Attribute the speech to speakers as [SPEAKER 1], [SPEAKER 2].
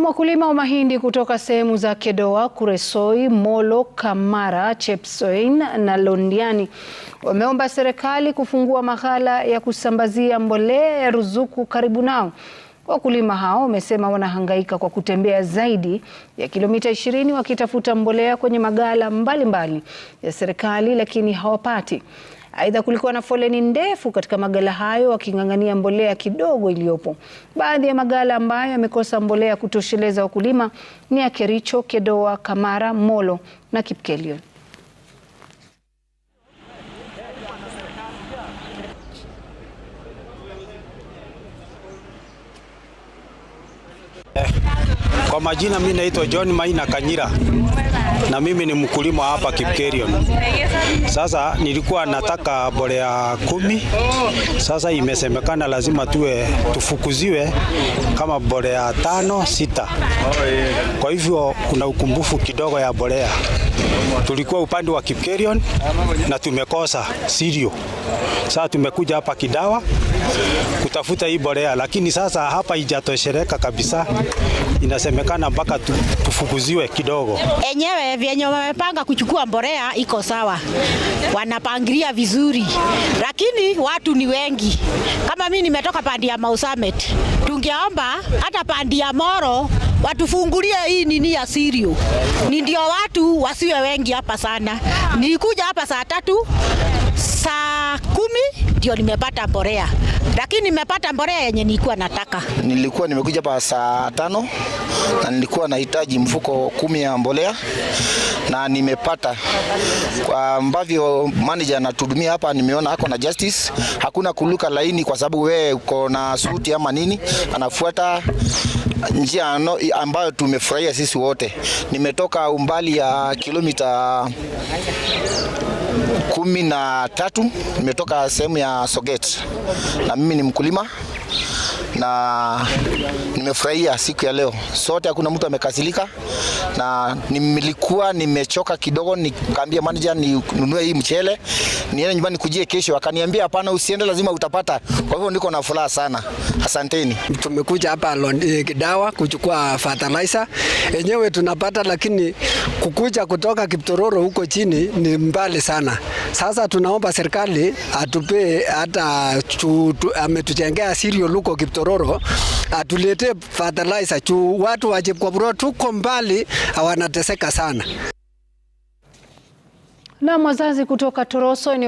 [SPEAKER 1] Wakulima wa mahindi kutoka sehemu za Kedoa, Kuresoi, Molo, Kamara, Chepsoin na Londiani wameomba serikali kufungua maghala ya kusambazia mbolea ya ruzuku karibu nao. Wakulima hao wamesema wanahangaika kwa kutembea zaidi ya kilomita 20 wakitafuta mbolea kwenye maghala mbalimbali mbali ya serikali lakini hawapati. Aidha, kulikuwa na foleni ndefu katika magala hayo waking'ang'ania mbolea kidogo iliyopo. Baadhi ya magala ambayo yamekosa mbolea kutosheleza wakulima ni ya Kericho, Kedoa, Kamara, Molo na Kipkelion.
[SPEAKER 2] Kwa majina mimi naitwa John Maina Kanyira na mimi ni mkulima hapa Kipkerion. Sasa nilikuwa nataka mbolea kumi, sasa imesemekana lazima tuwe tufukuziwe kama mbolea tano sita. Kwa hivyo kuna ukumbufu kidogo ya mbolea tulikuwa upande wa Kipkerion na tumekosa sirio. Sasa tumekuja hapa Kidawa kutafuta hii borea, lakini sasa hapa ijatoshereka kabisa, inasemekana mpaka tufukuziwe kidogo.
[SPEAKER 3] Enyewe vyenye wamepanga kuchukua borea iko sawa, wanapangilia vizuri, lakini watu ni wengi. Kama mimi nimetoka pandi ya Mausamet, tungeomba hata pandi ya Moro watufungulie hii nini ya sirio, ni ndio watu wasiwe wengi hapa sana. Nilikuja hapa saa tatu saa kumi ndio nimepata mborea, lakini nimepata mborea yenye nilikuwa nataka.
[SPEAKER 2] Nilikuwa nimekuja hapa saa tano na nilikuwa nahitaji mfuko kumi ya mbolea na nimepata. Kwa ambavyo manager anatuhudumia hapa, nimeona ako na justice, hakuna kuluka laini kwa sababu we uko na suti ama nini, anafuata njia no ambayo tumefurahia sisi wote. Nimetoka umbali ya kilomita kumi na tatu, nimetoka sehemu ya Soget na mimi ni mkulima na nimefurahia siku ya leo. Sote hakuna mtu amekasirika, na nilikuwa nimechoka kidogo, nikaambia manager ninunue hii mchele niende nyumbani kujie kesho, akaniambia hapana, usiende, lazima utapata. Kwa hivyo niko na furaha sana, asanteni.
[SPEAKER 4] Tumekuja hapa eh, dawa kuchukua fertilizer enyewe tunapata, lakini kukuja kutoka Kiptororo huko chini ni mbali sana. Sasa tunaomba serikali atupe hata ametujengea sirio luko Kiptororo, atulete fertilizer chu watu wa Chepkopuro tuko mbali, wanateseka sana. Na wazazi kutoka Toroso